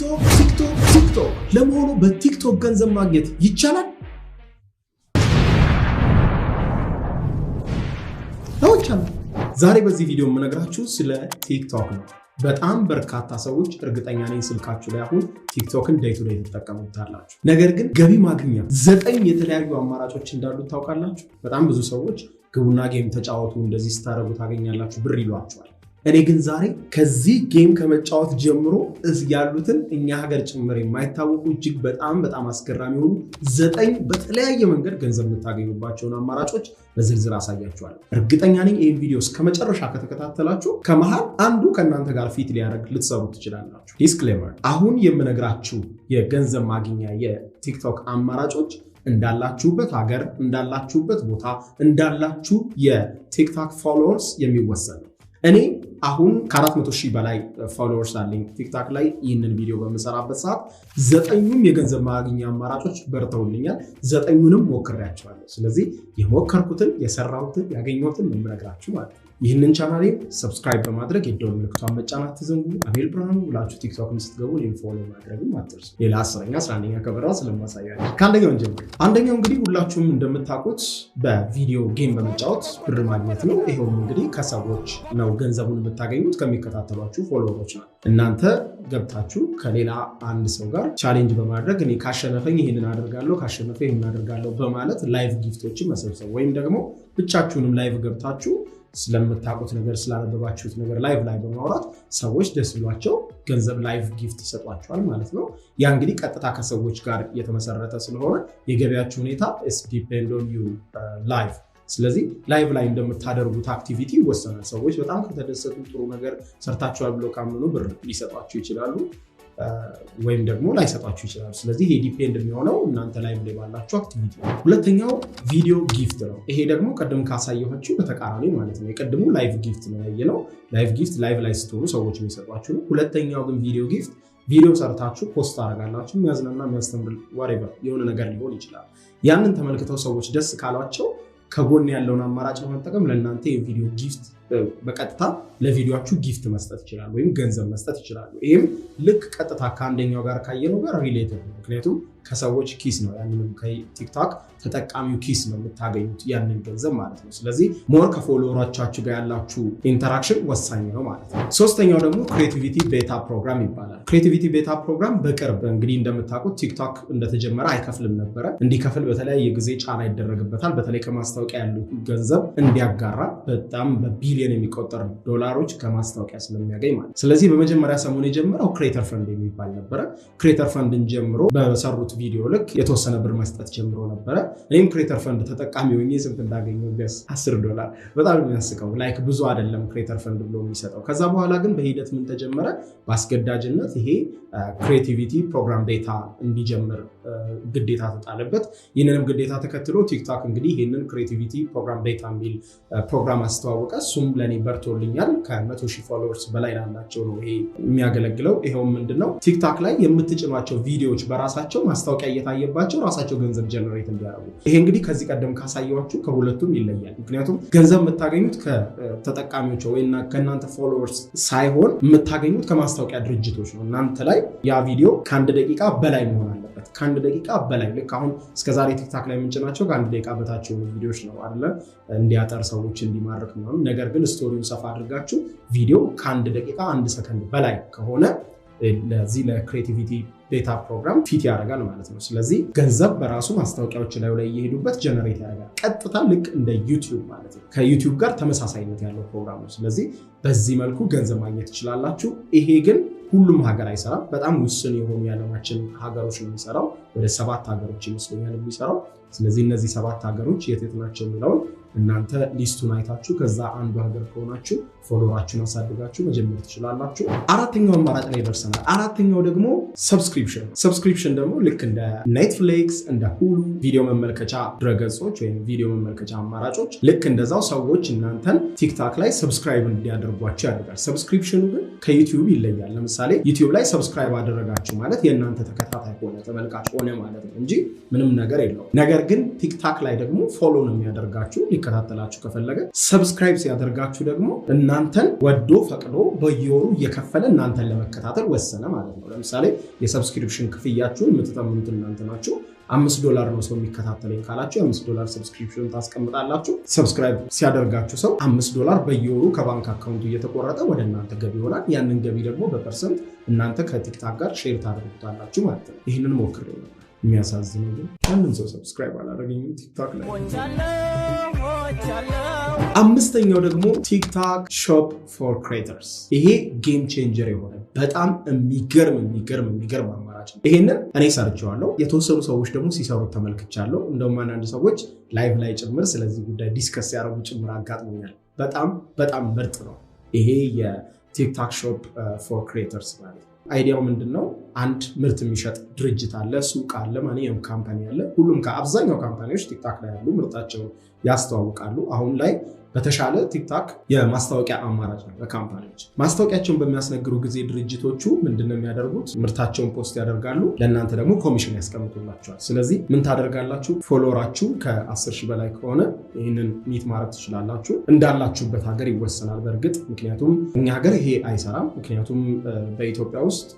ቲክቶክ ቲክቶክ ቲክቶክ። ለመሆኑ በቲክቶክ ገንዘብ ማግኘት ይቻላል? ነው ዛሬ በዚህ ቪዲዮ የምነግራችሁ ስለ ቲክቶክ ነው። በጣም በርካታ ሰዎች እርግጠኛ ነኝ ስልካችሁ ላይ አሁን ቲክቶክን ዴይ ቱ ዴይ ትጠቀሙታላችሁ። ነገር ግን ገቢ ማግኛ ዘጠኝ የተለያዩ አማራጮች እንዳሉ ታውቃላችሁ። በጣም ብዙ ሰዎች ግቡና ጌም ተጫወቱ እንደዚህ ስታደርጉ ታገኛላችሁ ብር ይሏቸዋል። እኔ ግን ዛሬ ከዚህ ጌም ከመጫወት ጀምሮ ያሉትን እኛ ሀገር ጭምር የማይታወቁ እጅግ በጣም በጣም አስገራሚ የሆኑ ዘጠኝ በተለያየ መንገድ ገንዘብ የምታገኙባቸውን አማራጮች በዝርዝር አሳያችኋለሁ። እርግጠኛ ነኝ ይህን ቪዲዮ እስከ መጨረሻ ከተከታተላችሁ ከመሃል አንዱ ከእናንተ ጋር ፊት ሊያደርግ ልትሰሩ ትችላላችሁ። ዲስክሌመር፣ አሁን የምነግራችሁ የገንዘብ ማግኛ የቲክቶክ አማራጮች እንዳላችሁበት ሀገር፣ እንዳላችሁበት ቦታ፣ እንዳላችሁ የቲክቶክ ፎሎወርስ የሚወሰን ነው። እኔ አሁን ከአራት መቶ ሺህ በላይ ፎሎወርስ አለኝ ቲክታክ ላይ ይህንን ቪዲዮ በምሰራበት ሰዓት ዘጠኙም የገንዘብ ማግኛ አማራጮች በርተውልኛል። ዘጠኙንም ሞክሬያቸዋለሁ። ስለዚህ የሞከርኩትን የሰራሁትን ያገኘሁትን የምነግራችሁ ማለት ነው። ይህንን ቻናሌ ሰብስክራይብ በማድረግ የደወል ምልክቷን መጫን አትዘንጉ። አቤል ብርሃኑ ብላችሁ ቲክቶክ ስትገቡ እኔን ፎሎ ማድረግም አትርሱ። ሌላ አስረኛ አስራ አንደኛ ከበራ ስለማሳያለሁ። ከአንደኛው እንጀምር። አንደኛው እንግዲህ ሁላችሁም እንደምታውቁት በቪዲዮ ጌም በመጫወት ብር ማግኘት ነው። ይሄውም እንግዲህ ከሰዎች ነው ገንዘቡን የምታገኙት ከሚከታተሏችሁ ፎሎወሮች ነው እናንተ ገብታችሁ ከሌላ አንድ ሰው ጋር ቻሌንጅ በማድረግ እኔ ካሸነፈኝ ይህንን አደርጋለሁ፣ ካሸነፈ ይህንን አደርጋለሁ በማለት ላይቭ ጊፍቶችን መሰብሰብ ወይም ደግሞ ብቻችሁንም ላይቭ ገብታችሁ ስለምታውቁት ነገር ስላነበባችሁት ነገር ላይቭ ላይ በማውራት ሰዎች ደስ ብሏቸው ገንዘብ ላይቭ ጊፍት ይሰጧቸዋል ማለት ነው። ያ እንግዲህ ቀጥታ ከሰዎች ጋር የተመሰረተ ስለሆነ የገበያችሁ ሁኔታ ዲፔንድ ኦን ዩ ላይቭ። ስለዚህ ላይቭ ላይ እንደምታደርጉት አክቲቪቲ ይወሰናል። ሰዎች በጣም ከተደሰቱ ጥሩ ነገር ሰርታችኋል ብለው ካመኑ ብር ሊሰጧችሁ ይችላሉ። ወይም ደግሞ ላይሰጣችሁ ይችላሉ። ስለዚህ ይሄ ዲፔንድ የሚሆነው እናንተ ላይ ላይ ባላችሁ አክቲቪቲ ነው። ሁለተኛው ቪዲዮ ጊፍት ነው። ይሄ ደግሞ ቅድም ካሳየኋችሁ በተቃራኒ ማለት ነው። የቅድሙ ላይቭ ጊፍት ነው ያየነው። ላይቭ ጊፍት ላይቭ ላይ ስትሆኑ ሰዎች የሚሰጧችሁ ነው። ሁለተኛው ግን ቪዲዮ ጊፍት ቪዲዮ ሰርታችሁ ፖስት ታደርጋላችሁ። የሚያዝናና የሚያስተምር ዋሬቨር የሆነ ነገር ሊሆን ይችላል። ያንን ተመልክተው ሰዎች ደስ ካሏቸው ከጎን ያለውን አማራጭ ለመጠቀም ለእናንተ የቪዲዮ ጊፍት በቀጥታ ለቪዲዮቹ ጊፍት መስጠት ይችላል ወይም ገንዘብ መስጠት ይችላሉ። ይህም ልክ ቀጥታ ከአንደኛው ጋር ካየነው ጋር ሪሌትድ ነው። ምክንያቱም ከሰዎች ኪስ ነው ያንንም ከቲክቶክ ተጠቃሚው ኪስ ነው የምታገኙት ያንን ገንዘብ ማለት ነው። ስለዚህ ሞር ከፎሎወሮቻችሁ ጋር ያላችሁ ኢንተራክሽን ወሳኝ ነው ማለት ነው። ሶስተኛው ደግሞ ክሬቲቪቲ ቤታ ፕሮግራም ይባላል። ክሬቲቪቲ ቤታ ፕሮግራም በቅርብ እንግዲህ እንደምታውቁት ቲክቶክ እንደተጀመረ አይከፍልም ነበረ። እንዲከፍል በተለያየ ጊዜ ጫና ይደረግበታል። በተለይ ከማስታወቂያ ያሉት ገንዘብ እንዲያጋራ በጣም በቢሊ በቢሊዮን የሚቆጠር ዶላሮች ከማስታወቂያ ስለሚያገኝ ማለት። ስለዚህ በመጀመሪያ ሰሞን የጀመረው ክሬተር ፈንድ የሚባል ነበረ። ክሬተር ፈንድን ጀምሮ በሰሩት ቪዲዮ ልክ የተወሰነ ብር መስጠት ጀምሮ ነበረ። እኔም ክሬተር ፈንድ ተጠቃሚ ሆኜ ስንት እንዳገኘው ቢያስ 10 ዶላር በጣም የሚያስቀው ላይክ ብዙ አይደለም ክሬተር ፈንድ ብሎ የሚሰጠው። ከዛ በኋላ ግን በሂደት ምን ተጀመረ? በአስገዳጅነት ይሄ ክሬቲቪቲ ፕሮግራም ታ እንዲጀምር ግዴታ ተጣለበት። ይህንንም ግዴታ ተከትሎ ቲክታክ እንግዲህ ይህንን ክሬቲቪቲ ፕሮግራም ታ የሚል ፕሮግራም አስተዋወቀ። እሱም ለእኔ በርቶልኛል። ከመቶ ሺህ ፎሎወርስ በላይ ላላቸው ነው ይሄ የሚያገለግለው። ይኸው ምንድነው ቲክታክ ላይ የምትጭኗቸው ቪዲዮዎች በራሳቸው ማስታወቂያ እየታየባቸው ራሳቸው ገንዘብ ጀነሬት እንዲያደርጉ። ይሄ እንግዲህ ከዚህ ቀደም ካሳየኋችሁ ከሁለቱም ይለያል። ምክንያቱም ገንዘብ የምታገኙት ከተጠቃሚዎች ወይ ከእናንተ ፎሎወርስ ሳይሆን የምታገኙት ከማስታወቂያ ድርጅቶች ነው እናንተ ላይ ያ ቪዲዮ ከአንድ ደቂቃ በላይ መሆን አለበት። ከአንድ ደቂቃ በላይ ልክ አሁን እስከዛሬ ቲክታክ ላይ የምንጭናቸው ከአንድ ደቂቃ በታች የሆኑ ቪዲዮዎች ነው አለ እንዲያጠር ሰዎች እንዲማርክ ምናምን። ነገር ግን ስቶሪውን ሰፋ አድርጋችሁ ቪዲዮ ከአንድ ደቂቃ አንድ ሰከንድ በላይ ከሆነ ለዚህ ለክሬቲቪቲ ዴታ ፕሮግራም ፊት ያደርጋል ማለት ነው። ስለዚህ ገንዘብ በራሱ ማስታወቂያዎች ላዩ ላይ እየሄዱበት ጀነሬት ያደርጋል ቀጥታ ልክ እንደ ዩቲዩብ ማለት ነው። ከዩቲዩብ ጋር ተመሳሳይነት ያለው ፕሮግራም ነው። ስለዚህ በዚህ መልኩ ገንዘብ ማግኘት ትችላላችሁ። ይሄ ግን ሁሉም ሀገር አይሰራም። በጣም ውስን የሆኑ የዓለማችን ሀገሮች ነው የሚሰራው። ወደ ሰባት ሀገሮች ይመስለኛል የሚሰራው። ስለዚህ እነዚህ ሰባት ሀገሮች የት የት ናቸው የሚለውን እናንተ ሊስቱን አይታችሁ ከዛ አንዱ ሀገር ከሆናችሁ ፎሎራችሁን አሳድጋችሁ መጀመር ትችላላችሁ። አራተኛው አማራጭ ላይ ደርሰናል። አራተኛው ደግሞ ሰብስክሪፕሽን። ሰብስክሪፕሽን ደግሞ ልክ እንደ ኔትፍሊክስ፣ እንደ ሁሉ ቪዲዮ መመልከቻ ድረገጾች ወይም ቪዲዮ መመልከቻ አማራጮች ልክ እንደዛው ሰዎች እናንተን ቲክታክ ላይ ሰብስክራይብ እንዲያደርጓቸው ያደርጋል። ሰብስክሪፕሽኑ ግን ከዩቲዩብ ይለያል። ለምሳሌ ዩቲዩብ ላይ ሰብስክራይብ አደረጋችሁ ማለት የእናንተ ተከታታይ ሆነ ተመልካች ሆነ ማለት ነው እንጂ ምንም ነገር የለውም። ነገር ግን ቲክታክ ላይ ደግሞ ፎሎ ነው የሚያደርጋችሁ ሊከታተላችሁ ከፈለገ ሰብስክራይብ ሲያደርጋችሁ ደግሞ እናንተን ወዶ ፈቅዶ በየወሩ እየከፈለ እናንተን ለመከታተል ወሰነ ማለት ነው። ለምሳሌ የሰብስክሪፕሽን ክፍያችሁን የምትጠምኑት እናንተ ናችሁ። አምስት ዶላር ነው ሰው የሚከታተለኝ ካላችሁ የአምስት ዶላር ሰብስክሪፕሽን ታስቀምጣላችሁ። ሰብስክራይብ ሲያደርጋችሁ ሰው አምስት ዶላር በየወሩ ከባንክ አካውንቱ እየተቆረጠ ወደ እናንተ ገቢ ይሆናል። ያንን ገቢ ደግሞ በፐርሰንት እናንተ ከቲክታክ ጋር ሼር ታደርጉታላችሁ ማለት ነው። ይህንን ሞክሬ ነው። የሚያሳዝነው ግን አንድም ሰው ሰብስክራይብ አላደረገኝም ቲክታክ ላይ። አምስተኛው ደግሞ ቲክታክ ሾፕ ፎር ክሬተርስ። ይሄ ጌም ቼንጀር የሆነ በጣም የሚገርም የሚገርም የሚገርም አማራጭ ነው። ይሄንን እኔ ሰርቸዋለሁ። የተወሰኑ ሰዎች ደግሞ ሲሰሩት ተመልክቻለሁ። እንደውም አንዳንድ ሰዎች ላይቭ ላይ ጭምር ስለዚህ ጉዳይ ዲስከስ ያደረጉ ጭምር አጋጥሞኛል። በጣም በጣም ምርጥ ነው ይሄ የቲክታክ ሾፕ ፎር ክሬተርስ ማለት አይዲያው ምንድን ነው? አንድ ምርት የሚሸጥ ድርጅት አለ፣ ሱቅ አለ፣ ማንኛውም ካምፓኒ አለ። ሁሉም ከአብዛኛው ካምፓኒዎች ቲክታክ ላይ ያሉ ምርታቸውን ያስተዋውቃሉ። አሁን ላይ በተሻለ ቲክታክ የማስታወቂያ አማራጭ ነው ለካምፓኒዎች። ማስታወቂያቸውን በሚያስነግሩ ጊዜ ድርጅቶቹ ምንድነው የሚያደርጉት? ምርታቸውን ፖስት ያደርጋሉ። ለእናንተ ደግሞ ኮሚሽን ያስቀምጡላቸዋል። ስለዚህ ምን ታደርጋላችሁ? ፎሎወራችሁ ከ10 ሺህ በላይ ከሆነ ይህንን ሚት ማድረግ ትችላላችሁ። እንዳላችሁበት ሀገር ይወሰናል በእርግጥ ምክንያቱም እኛ ሀገር ይሄ አይሰራም። ምክንያቱም በኢትዮጵያ ውስጥ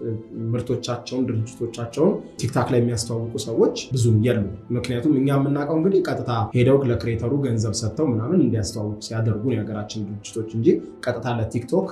ምርቶቻቸውን፣ ድርጅቶቻቸውን ቲክታክ ላይ የሚያስተዋውቁ ሰዎች ብዙም የሉ። ምክንያቱም እኛ የምናውቀው እንግዲህ ቀጥታ ሄደው ለክሬተሩ ገንዘብ ሰጥተው ምናምን እንዲያስተዋውቁ ሲያደርጉ የሀገራችን ድርጅቶች እንጂ ቀጥታ ለቲክቶክ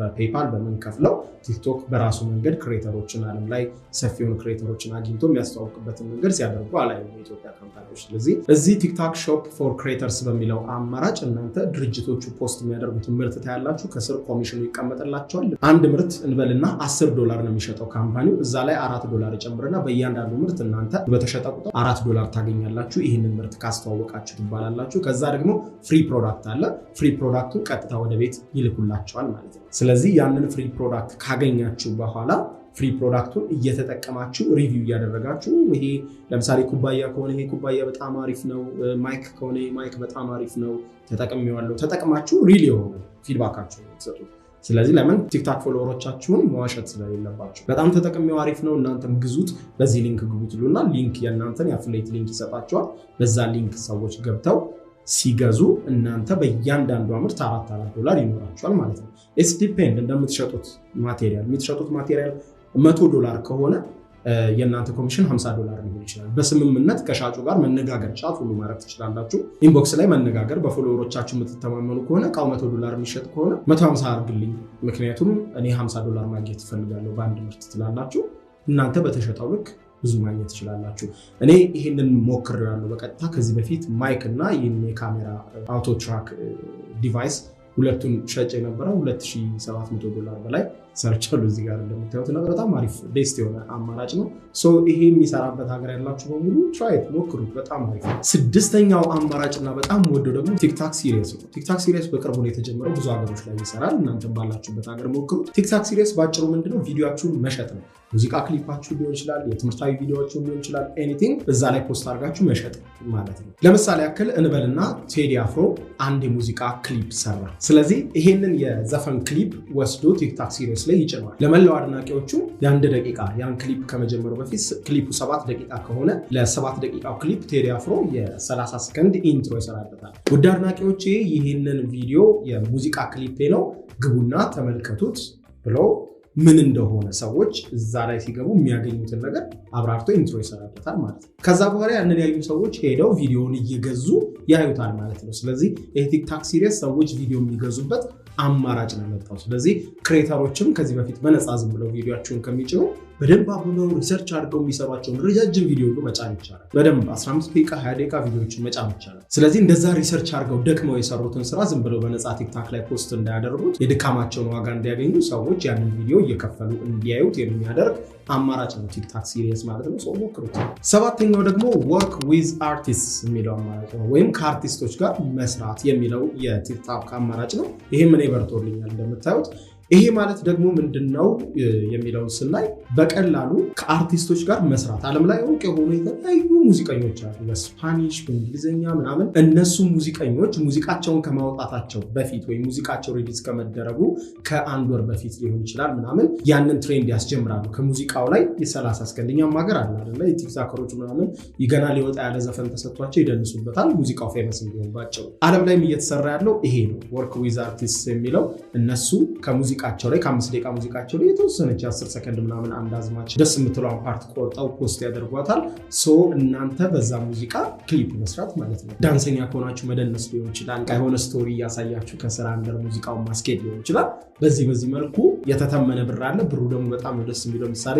በፔፓል በምንከፍለው ቲክቶክ በራሱ መንገድ ክሬተሮችን አለም ላይ ሰፊ የሆኑ ክሬተሮችን አግኝቶ የሚያስተዋውቅበትን መንገድ ሲያደርጉ አላየሁም የኢትዮጵያ ካምፓኒዎች። ስለዚህ እዚህ ቲክታክ ሾፕ ፎር ክሬተርስ በሚለው አማራጭ እናንተ ድርጅቶቹ ፖስት የሚያደርጉትን ምርት ታያላችሁ። ከስር ኮሚሽኑ ይቀመጥላቸዋል። አንድ ምርት እንበልና አስር ዶላር ነው የሚሸጠው ካምፓኒው። እዛ ላይ አራት ዶላር ይጨምርና በእያንዳንዱ ምርት እናንተ በተሸጠ ቁጥር አራት ዶላር ታገኛላችሁ። ይህንን ምርት ካስተዋወቃችሁ ትባላላችሁ። ከዛ ደግሞ ፍሪ ፕሮዳክት አለ። ፍሪ ፕሮዳክቱ ቀጥታ ወደ ቤት ይልኩላቸዋል ማለት ነው። ስለዚህ ያንን ፍሪ ፕሮዳክት ካገኛችሁ በኋላ ፍሪ ፕሮዳክቱን እየተጠቀማችሁ ሪቪው እያደረጋችሁ ይሄ ለምሳሌ ኩባያ ከሆነ ይሄ ኩባያ በጣም አሪፍ ነው፣ ማይክ ከሆነ ማይክ በጣም አሪፍ ነው፣ ተጠቅሜዋለሁ። ተጠቅማችሁ ሪል የሆነ ፊድባካችሁ ሰጡ። ስለዚህ ለምን ቲክታክ ፎሎወሮቻችሁን መዋሸት ስለሌለባቸው በጣም ተጠቅሜው አሪፍ ነው፣ እናንተም ግዙት፣ በዚህ ሊንክ ግቡ ሊንክ የእናንተን የአፍሌት ሊንክ ይሰጣቸዋል። በዛ ሊንክ ሰዎች ገብተው ሲገዙ እናንተ በእያንዳንዷ ምርት አራት አራት ዶላር ይኖራቸዋል ማለት ነው። ኢትስ ዲፔንድ እንደምትሸጡት ማቴሪያል የምትሸጡት ማቴሪያል መቶ ዶላር ከሆነ የእናንተ ኮሚሽን 50 ዶላር ሊሆን ይችላል። በስምምነት ከሻጩ ጋር መነጋገር ቻት ሁሉ ማድረግ ትችላላችሁ። ኢንቦክስ ላይ መነጋገር። በፎሎወሮቻችሁ የምትተማመኑ ከሆነ እቃው መቶ ዶላር የሚሸጥ ከሆነ 150 አርግልኝ፣ ምክንያቱም እኔ 50 ዶላር ማግኘት ትፈልጋለሁ በአንድ ምርት ትላላችሁ። እናንተ በተሸጠው ልክ ብዙ ማግኘት ትችላላችሁ። እኔ ይህንን ሞክሬዋለሁ በቀጥታ ከዚህ በፊት ማይክ እና ይህን የካሜራ አውቶ ትራክ ዲቫይስ ሁለቱን ሸጭ የነበረው 2700 ዶላር በላይ ሰርቻሉ እዚህ ጋር እንደምታዩት እና በጣም አሪፍ ቤስት የሆነ አማራጭ ነው። ይሄ የሚሰራበት ሀገር ያላችሁ በሙሉ ትራይት ሞክሩት፣ በጣም አሪፍ ነው። ስድስተኛው አማራጭ እና በጣም ወደው ደግሞ ቲክታክ ሲሪየስ ነው። ቲክታክ ሲሪየስ በቅርቡ ነው የተጀመረው፣ ብዙ ሀገሮች ላይ ይሰራል። እናንተም ባላችሁበት ሀገር ሞክሩት። ቲክታክ ሲሪየስ በአጭሩ ምንድነው ቪዲዮችሁን መሸጥ ነው። ሙዚቃ ክሊፓችሁ ሊሆን ይችላል፣ የትምህርታዊ ቪዲዮዎችን ሊሆን ይችላል። ኤኒቲንግ በዛ ላይ ፖስት አድርጋችሁ መሸጥ ማለት ነው። ለምሳሌ ያክል እንበልና ቴዲ አፍሮ አንድ የሙዚቃ ክሊፕ ሰራ። ስለዚህ ይሄንን የዘፈን ክሊፕ ወስዶ ቲክታክ ሲሪየስ ላይ ይጭነዋል። ለመላው አድናቂዎቹ የአንድ ደቂቃ ያን ክሊፕ ከመጀመሩ በፊት ክሊፑ ሰባት ደቂቃ ከሆነ ለሰባት ደቂቃው ክሊፕ ቴዲ አፍሮ የ30 ሰከንድ ኢንትሮ ይሰራበታል። ውድ አድናቂዎች ይህንን ቪዲዮ የሙዚቃ ክሊፔ ነው ግቡና ተመልከቱት ብሎ ምን እንደሆነ ሰዎች እዛ ላይ ሲገቡ የሚያገኙትን ነገር አብራርቶ ኢንትሮ ይሰራበታል ማለት ነው። ከዛ በኋላ ያንን ያዩ ሰዎች ሄደው ቪዲዮውን እየገዙ ያዩታል ማለት ነው። ስለዚህ ይህ ቲክታክ ሲሪየስ ሰዎች ቪዲዮ የሚገዙበት አማራጭ ነው ያመጣው። ስለዚህ ክሬተሮችም ከዚህ በፊት በነፃ ዝም ብለው ቪዲዮቸውን ከሚጭኑ በደንብ አብነው ሪሰርች አድርገው የሚሰሯቸውን ረጃጅም ቪዲዮ ሁሉ መጫን ይቻላል። በደንብ 15 ደቂቃ፣ 20 ደቂቃ ቪዲዮዎችን መጫን ይቻላል። ስለዚህ እንደዛ ሪሰርች አድርገው ደክመው የሰሩትን ስራ ዝም ብለው በነፃ ቲክታክ ላይ ፖስት እንዳያደርጉት የድካማቸውን ዋጋ እንዲያገኙ ሰዎች ያንን ቪዲዮ እየከፈሉ እንዲያዩት የሚያደርግ አማራጭ ነው ቲክታክ ሲሪየስ ማለት ነው። ሰው ሞክሩት። ሰባተኛው ደግሞ ወርክ ዊዝ አርቲስት የሚለው አማራጭ ነው ወይም ከአርቲስቶች ጋር መስራት የሚለው የቲክታክ አማራጭ ነው። ይህም እኔ በርቶልኛል እንደምታዩት ይሄ ማለት ደግሞ ምንድን ነው የሚለውን ስናይ በቀላሉ ከአርቲስቶች ጋር መስራት ዓለም ላይ እውቅ የሆኑ የተለያዩ ሙዚቀኞች አሉ፣ በስፓኒሽ በእንግሊዝኛ ምናምን። እነሱ ሙዚቀኞች ሙዚቃቸውን ከማውጣታቸው በፊት ወይም ሙዚቃቸው ሪሊዝ ከመደረጉ ከአንድ ወር በፊት ሊሆን ይችላል ምናምን ያንን ትሬንድ ያስጀምራሉ። ከሙዚቃው ላይ የሰላሳ እስከንድ ማገር ሀገር አለ አይደለ? የቲክታከሮች ምናምን ይገና ሊወጣ ያለ ዘፈን ተሰጥቷቸው ይደንሱበታል፣ ሙዚቃው ፌመስ እንዲሆንባቸው። ዓለም ላይም እየተሰራ ያለው ይሄ ነው፣ ወርክ ዊዝ አርቲስት የሚለው እነሱ ከሙዚ ሙዚቃቸው ላይ ከአምስት ደቂቃ ሙዚቃቸው ላይ የተወሰነች አስር ሰከንድ ምናምን አንድ አዝማች ደስ የምትለውን ፓርት ቆርጠው ፖስት ያደርጓታል። ሶ እናንተ በዛ ሙዚቃ ክሊፕ መስራት ማለት ነው። ዳንሰኛ ከሆናችሁ መደነስ ሊሆን ይችላል። የሆነ ስቶሪ እያሳያችሁ ከስራ አንደር ሙዚቃውን ማስኬድ ሊሆን ይችላል። በዚህ በዚህ መልኩ የተተመነ ብር አለ። ብሩ ደግሞ በጣም ደስ የሚለው ምሳሌ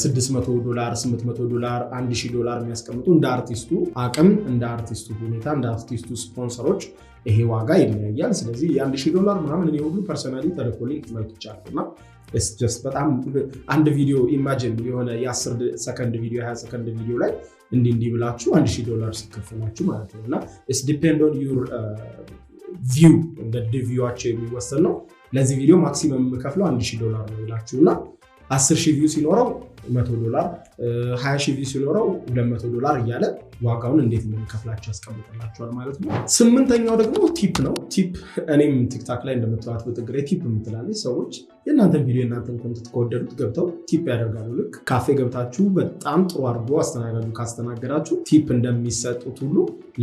600 ዶላር፣ 800 ዶላር፣ 1000 ዶላር የሚያስቀምጡ እንደ አርቲስቱ አቅም፣ እንደ አርቲስቱ ሁኔታ፣ እንደ አርቲስቱ ስፖንሰሮች ይሄ ዋጋ ይለያያል። ስለዚህ የ1000 ዶላር ምናምን እኔ ሁሉ ፐርሰናሊ ተልኮልኝ ረግጫለሁ እና በጣም አንድ ቪዲዮ ኢማጂን የሆነ የአስር ሰከንድ ቪዲዮ የሀያ ሰከንድ ቪዲዮ ላይ እንዲህ እንዲህ ብላችሁ አንድ ሺህ ዶላር ሲከፈላችሁ ማለት ነው እና ስ ዲፔንድ ኦን ዩር ቪው እንደ ቪዋቸው የሚወሰን ነው። ለዚህ ቪዲዮ ማክሲመም የምከፍለው አንድ ሺህ ዶላር ነው ይላችሁ እና አስር ሺህ ቪው ሲኖረው መቶ ዶላር ሀያ ሺ ሲኖረው ሁለት መቶ ዶላር እያለ ዋጋውን እንዴት እንደሚከፍላቸው ያስቀምጥላቸዋል ማለት ነው። ስምንተኛው ደግሞ ቲፕ ነው። ቲፕ እኔም ቲክታክ ላይ እንደምትባት በጥግሬ ቲፕ የምትላለች ሰዎች የእናንተን ቪዲዮ የእናንተን ኮንተንት ከወደዱት ገብተው ቲፕ ያደርጋሉ። ልክ ካፌ ገብታችሁ በጣም ጥሩ አድርጎ አስተናጋጁ ካስተናገዳችሁ ቲፕ እንደሚሰጡት ሁሉ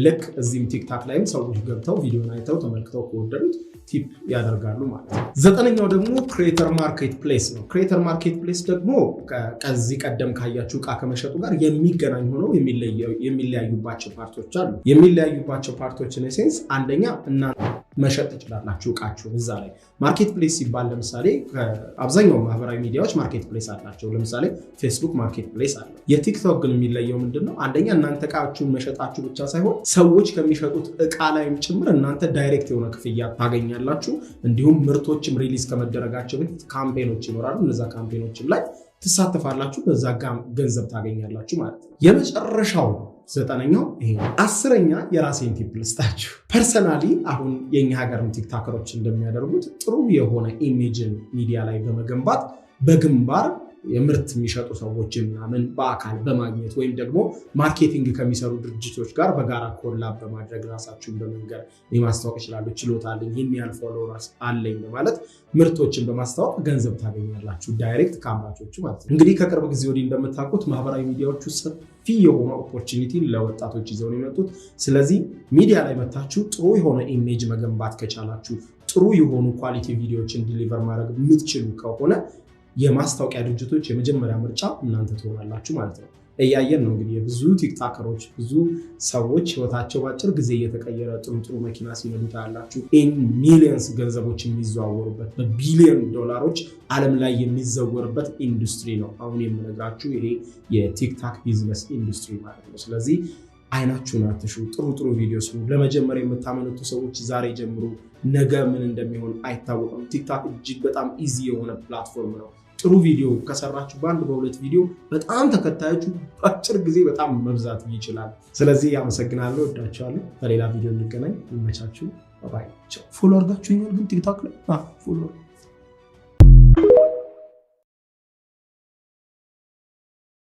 ልክ እዚህም ቲክታክ ላይም ሰዎች ገብተው ቪዲዮን አይተው ተመልክተው ከወደዱት ቲፕ ያደርጋሉ ማለት ነው። ዘጠነኛው ደግሞ ክሬተር ማርኬት ፕሌስ ነው። ክሬተር ማርኬት ፕሌስ ደግሞ ከዚህ ቀደም ካያችሁ እቃ ከመሸጡ ጋር የሚገናኝ ሆነው የሚለያዩባቸው ፓርቲዎች አሉ። የሚለያዩባቸው ፓርቲዎችን ሴንስ አንደኛ እና መሸጥ ትችላላችሁ እቃችሁን እዛ ላይ ማርኬት ፕሌስ ሲባል ለምሳሌ አብዛኛው ማህበራዊ ሚዲያዎች ማርኬት ፕሌስ አላቸው። ለምሳሌ ፌስቡክ ማርኬት ፕሌስ አለ። የቲክቶክ ግን የሚለየው ምንድን ነው? አንደኛ እናንተ እቃችሁን መሸጣችሁ ብቻ ሳይሆን ሰዎች ከሚሸጡት እቃ ላይም ጭምር እናንተ ዳይሬክት የሆነ ክፍያ ታገኛላችሁ። እንዲሁም ምርቶችም ሪሊዝ ከመደረጋቸው በፊት ካምፔኖች ይኖራሉ። እነዛ ካምፔኖችም ላይ ትሳተፋላችሁ፣ በዛ ገንዘብ ታገኛላችሁ ማለት ነው። የመጨረሻው ዘጠነኛው ይሄ አስረኛ የራሴን ቲፕ ልስጣችሁ። ፐርሰናሊ አሁን የኛ ሀገርም ቲክታከሮች እንደሚያደርጉት ጥሩ የሆነ ኢሜጅን ሚዲያ ላይ በመገንባት በግንባር የምርት የሚሸጡ ሰዎች ምናምን በአካል በማግኘት ወይም ደግሞ ማርኬቲንግ ከሚሰሩ ድርጅቶች ጋር በጋራ ኮላብ በማድረግ ራሳችሁን በመንገር ማስታወቅ ይችላሉ። ችሎታ አለኝ ይህን ያህል ፎሎወርስ አለኝ በማለት ምርቶችን በማስታወቅ ገንዘብ ታገኛላችሁ፣ ዳይሬክት ከአምራቾቹ ማለት ነው። እንግዲህ ከቅርብ ጊዜ ወዲህ እንደምታውቁት ማህበራዊ ሚዲያዎቹ ሰፊ የሆነ ኦፖርቹኒቲ ለወጣቶች ይዘው ነው የመጡት። ስለዚህ ሚዲያ ላይ መታችሁ ጥሩ የሆነ ኢሜጅ መገንባት ከቻላችሁ ጥሩ የሆኑ ኳሊቲ ቪዲዮዎችን ዲሊቨር ማድረግ የምትችሉ ከሆነ የማስታወቂያ ድርጅቶች የመጀመሪያ ምርጫ እናንተ ትሆናላችሁ ማለት ነው። እያየን ነው እንግዲህ የብዙ ቲክታከሮች ብዙ ሰዎች ህይወታቸው በአጭር ጊዜ እየተቀየረ ጥሩ ጥሩ መኪና ሲነዱ ታያላችሁ። ኢን ሚሊየንስ ገንዘቦች የሚዘዋወሩበት በቢሊዮን ዶላሮች ዓለም ላይ የሚዘወርበት ኢንዱስትሪ ነው። አሁን የምነግራችሁ ይሄ የቲክታክ ቢዝነስ ኢንዱስትሪ ማለት ነው። ስለዚህ አይናችሁን አትሹ። ጥሩ ጥሩ ቪዲዮ ስሩ። ለመጀመር የምታመነቱ ሰዎች ዛሬ ጀምሩ። ነገ ምን እንደሚሆን አይታወቅም። ቲክታክ እጅግ በጣም ኢዚ የሆነ ፕላትፎርም ነው። ጥሩ ቪዲዮ ከሰራችሁ በአንድ በሁለት ቪዲዮ በጣም ተከታዮቹ በአጭር ጊዜ በጣም መብዛት ይችላል። ስለዚህ አመሰግናለሁ፣ እወዳችኋለሁ። በሌላ ቪዲዮ እንገናኝ። ይመቻችሁ። ባይ ፎሎ አድርጋችሁኛል ግን ቲክታክ ላይ ፎሎ